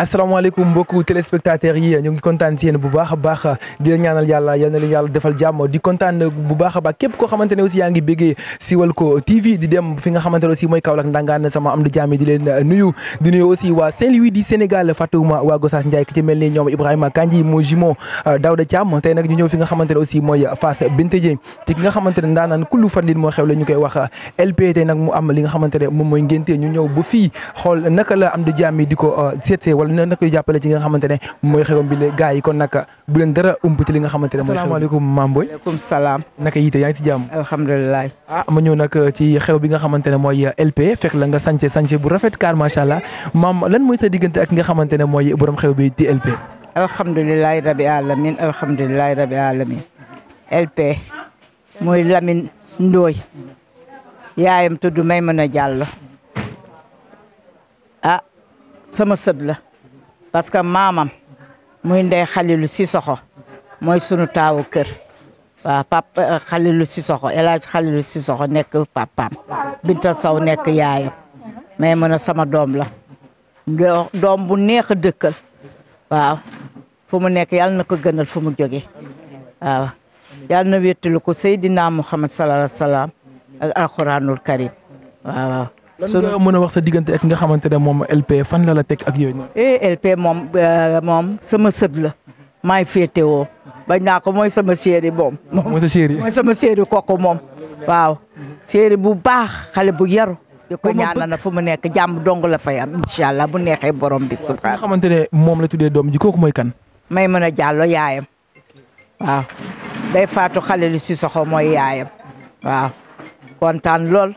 asalaamaaleykum mbokku téléspectateurs yi ñu ngi kontaan si yéen bu baax a baax di la defal jàmm di kontaan bu baax a baax képp koo ne aussi yaa ngi béggee si Walko TV di dem fi nga xamante ne aussi mooy Kaolack ndangaan sama am di jàmm di leen nuyu di nuyu aussi waa Saint-Louis di Sénégal fàttewuma waa Gossas Ndiaye ki ni ñoom Ibrahima Kandji moo jimo euh, Daouda tey nag ñu ñëw fi nga xamante ne aussi mooy Fass Bintedieng ci ki nga xamante ne ndaanaan kullu fanlin moo xew la ñu koy wax euh, LP tey nag mu li nga xamante ne moom mooy ngénte ñu ñëw ba fii xool naka la am di jàmm di ko euh, seetsee na koy jàppale ci nga xamante ne mooy xewam bi le gars yi kon nag bu leen dara ump ci li naka yiite yaa ngi si jàmm alhamdulilah ah ma ñëw nag ci LP fekk sanche sanche burafet sañce bu rafet kaar macha allah maam lan mooy sa diggante ak nga xamante ne mooy borom xew LP alhamdulilahi rabi alamin alhamdulilahi rabi alamin LP mooy Lamine Ndoye yaayam tudd Maymuna Jàllo ah sama sët parce que maamam muy ndey xalilu soxo mooy sunu taawu kër waaw pap euh, xalilu Sissoko El Hadj xalilu Sissoko nekk papaam Binta Sow nekk yaayam mais mën a sama doom la doom bu neex a dëkkal waaw fu mu nekk yàlla na ko gënal fu mu jóge waaw yàlla na wéttalu ko Seydina Muhammad sallallahu alayhi wa sallam ak karim waaw lan mën a wax sa diggante ak nga xamante ne moom LP fan la la teg ak yooyu noonu. eh moom euh, moom sama sët la maay féetewoo bañ naa ko mooy sama chéri moom. mooy sa chéri sama chéri kooku moom. waaw chéri bu baax xale bu yaru. di ko ñaanal na fu mu nekk jàmm dong la fay am incha allah bu neexee borom bi subhaana. nga xamante ne moom la tuddee doom ji kooku mooy kan. may mën a jàllo yaayam waaw day faatu xale li si soxo mooy yaayam waaw kontaan lool.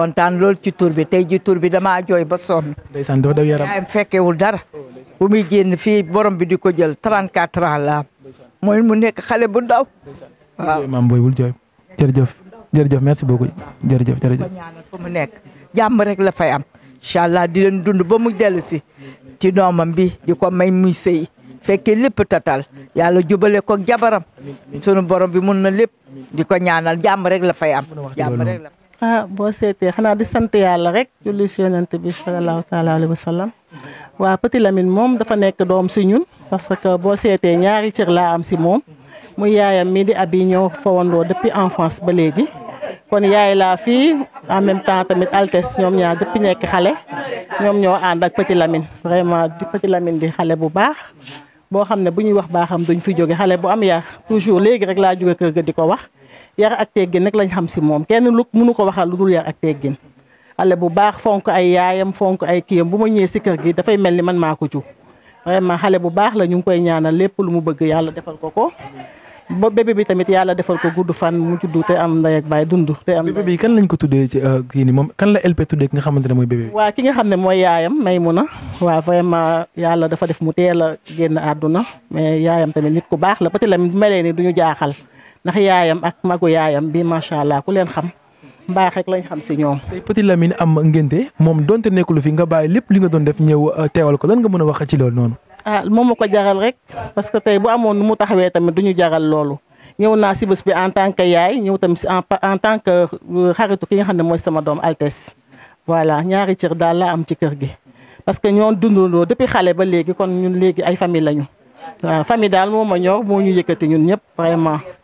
kontan lol ci tour bi tay ji tour bi dama joy ba son ndaysan dafa daw yaram yaayam fekkewul dara. bu mi genn fi borom bi diko jël 34 ans la moy mu nek xalé bu ndaw. waaw maam booy bul jooy jërëjëf jërëjëf merci beaucoup jërëjëf jërëjëf. ko mu nek jam rek la fay am inshallah di len dund ba mu delu ci ci domam bi diko may muy sey fekke lepp tatal yalla jubale ko jabaram sunu borom bi mun na lepp diko ñaanal jam rek la fay am jam rek la. ah bo sété xana di sante yalla rek julli si bi salallaahu taala alayhi wa sallam waa Petit Lamine mom dafa nek dom si ñun parce que bo sété ñaari cër la am si mom mu yaayam mi di abi ñoo fawandoo depuis enfance ba légui kon yaay la fi en même temps tamit altes ñom ñaar depuis nek xalé ñom ñoo and ak Petit Lamine vraiment di Petit Lamine di xalé bu baax bo xam ne bu ñuy wax baaxam duñ fi joggé xalé bu am yar toujours légui rek la joggé kër ga wax yar ak teggin nag lañ xam si moom kenn lu mënu ko waxal lu dul yar ak teggin xale bu baax fonk ay yaayam fonk ay kiyam bu ma ñëwee si kër gi dafay mel ni man maa ko ju vraiment xale bu baax la ñu ngi koy ñaanal lépp lu mu bëgg yàlla defal ko ko ba bébé bi tamit yàlla defal ko gudd fan mu juddu te am ndey ak dund kan lañ ko tuddee ci euh, kii moom kan la LP tuddee ki nga xamante ne mooy bébé bi waaw ki nga xam ne ma yaayam Maymuna waaw vraiment yàlla dafa def mu teel a génn àdduna mais yaayam tamit nit ku baax la peut te la melee ni du ñu jaaxal ndax yaayam ak magu yaayam bi macha allah ku leen xam mbaax rek lañ xam si ñoom. tey Petit Lamine am ngénte moom donte nekkulu fi nga bàyyi lépp li nga doon def ñëw euh, teewal ko lan nga mën a wax ci loolu noonu. ah moom ma ko jaral rek parce que tey bu amoon nu mu taxawee tamit du ñu jaral loolu ñëw naa si bés bi en tant que yaay ñëw tamit si en tant que euh, xaritu ki nga xam ne mooy sama doom Altesse voilà ñaari cër daal laa am ci kër gi. parce que ñoo dundandoo depuis xale ba léegi kon ñun léegi ay famille lañu waaw famille daal moo ma ñor moo ñu yëkkati ñun ñëpp vraiment.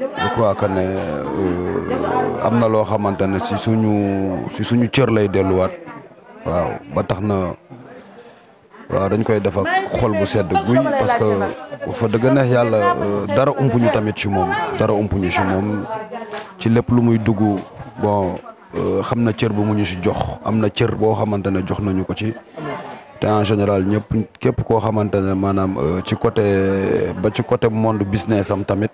je crois que ne euh, am na loo xamante ne si suñu si suñu cër lay delluwaat waaw ba tax na waaw dañ koy def ak xol bu sedd guy parce que fa dëgg neex yàlla euh, dara umpuñu tamit si moom dara umpuñu ci moom ci lépp lu muy dugg bon euh, xam na cër bu muñu si jox am na cër boo xamante ne jox nañu ko ci ten en général ñëpp képp koo xamante ne maanaam ci côté ba ci côté monde business am tamit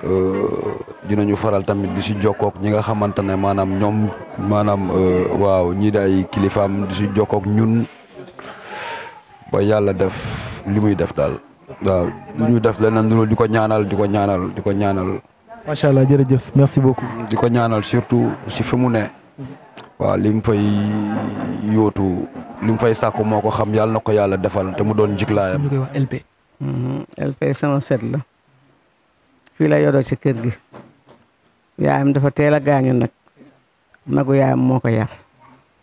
Euh, dinañu faral tamit di si jokkook ñi nga xamante ne maanaam ñoom maanaam euh, waaw ñii daay kilifaam di si jokkook ñun ba yàlla def li muy def daal waaw lu ñu def leneen loolu di ko ñaanal di ko ñaanal di ko ñaanal. macha allah jërëjëf merci beaucoup. di ko ñaanal surtout si fi mu ne. waaw li mu fay yóotu li mu fay sàkku moo ko xam yàlla na ko yàlla defal te mu doon njiglaayam. ñu koy wax LP. Mm-hmm. LP la. fii la yodoo ci kër gi yaayam dafa teel a gaañu nag magu yaayam moo ko yar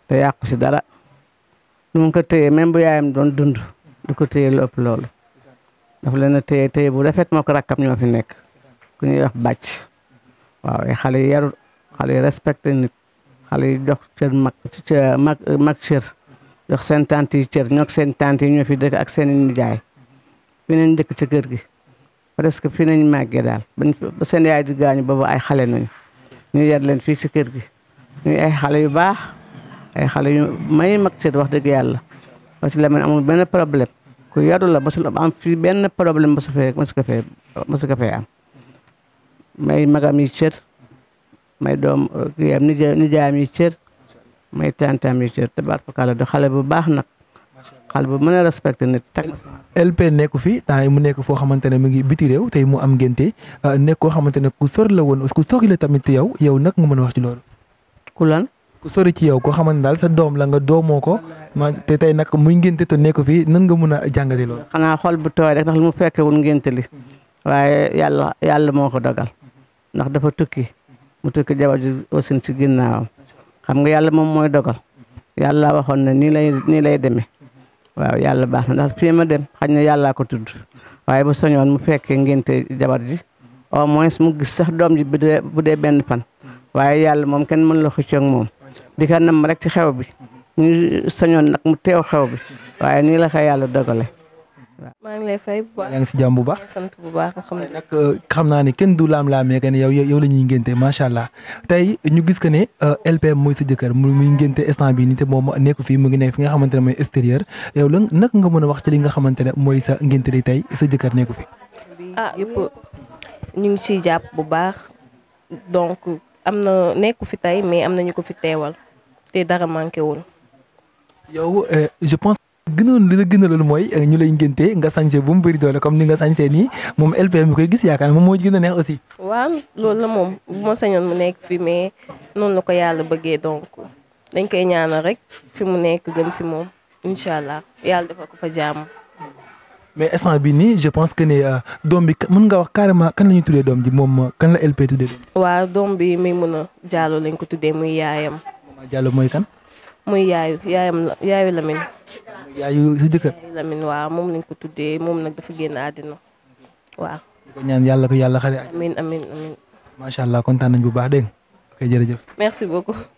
te yàqu ci dara lu mu ko téye même bu yaayam doon dund du ko téye lu ëpp loolu dafa leen téye téye bu rafet moo ko rakkam ñoo fi nekk ku ñuy wax bàcc waaw xale yi yarut xale yi respecté nit xale yi jox cër mag mag cër jox seen tante yi cër ñoo seen tante yi ñoo fi dëkk ak seen nijaay beneen dëkk ci kër gi que fii nañ màggee daal ba seen yaay di gaañu boobu ay xale nañu ñu yar leen fii si kër gi ñuy ay xale yu baax ay xale yu may mag cër wax dëgg yàlla parce que Lamine amul benn problème ku la mosul am fii benn problème mosu fee mosu ko fee mosu ko fee am may magam yi cër may doom kii am nijaayam yi cër may tantam yi cër tabaarkalla du xale bu baax nag xal bu mën a respecté nit teg LP nekku fi temps yi mu nekk foo xamante ne mu ngi biti réew tey mu am ngénte euh, nekk koo xamante ne ku sori la woon ku sori la tamit yow yaw nag nga mën a wax ci loolu. ku lan ku sori ci yow koo xamante daal sa doom la nga doomoo ko ma te tey nag muy ngénte te nekku fii nan nga mën a jàngate loolu. xanaa xol bu tooy rek ndax li mu fekke wul ngénte li waaye yàlla yàlla moo ko dogal ndax dafa tukki mu tukki jabar ji aussi ci ginnaawam xam nga yàlla moom mooy dogal yàlla waxoon ne nii lay nii lay demee. waaw yàlla baax na ndax fii ma dem xañ na yàllaa ko tudd waaye bu soñoon mu fekkee ngénte jabar ji au moins mu gis sax doom ji bu dee bu dee benn fan waaye yàlla moom kenn mën la xëccoog moom di ko nam rek ci xew bi ñu soñoon nag mu teew xew bi waaye nii la ko yàlla dogale maa ngi lay fay bu baax yaa ngi si jàmm bu baax xam ne nag euh, xam naa ne kenn du laam-laamee que ne yow yow la ñuy ngénte macha allah tey ñu gis que ne euh, LPM mooy sa jëkkër mu muy ngénte instant bi ni te moom nekku fii mu ngi nekk fi nga xamante ne mooy extérieur nga mën a wax ci li nga xamante ne mooy sa ngénte li tey sa jëkkër nekku fi ah yëpp ñu ngi si jàpp bu baax donc am na nekku fi tey mais am na ñu ko fi teewal te dara manqué wul yow euh, pense gënoon li la loolu mooy euh, ñu lay ngéntee nga sañse bu mu bëri doole comme ni nga sañsee nii moom LPM bi koy gis yaakaar moom moo gën a neex loolu la moom bu ma sañoon mu nekk fii mais noonu la ko yàlla bëggee donc dañ koy ñaanal rek fi mu nekk gën si moom incha allah yàlla defal ko fa jàmm. mais instant bi nii je pense que ne euh, doom bi mën nga wax carrément kan la ñuy tuddee doom ji moom euh, kan la LP tuddee. waaw doom bi muy mën a jàlloo lañ ko tuddee muy yaayam. waaw mooy kan. muy yaayu yaayam la yaayu yaayu sa jëkkër. Lamine waaw moom lañ ko tuddee moom nag dafa génn àddina waaw. di ñaan yàlla ko yàlla xare. amiin amiin amiin. macha allah kontaan nañ bu baax dégg nga. ok jërëjëf. merci beaucoup.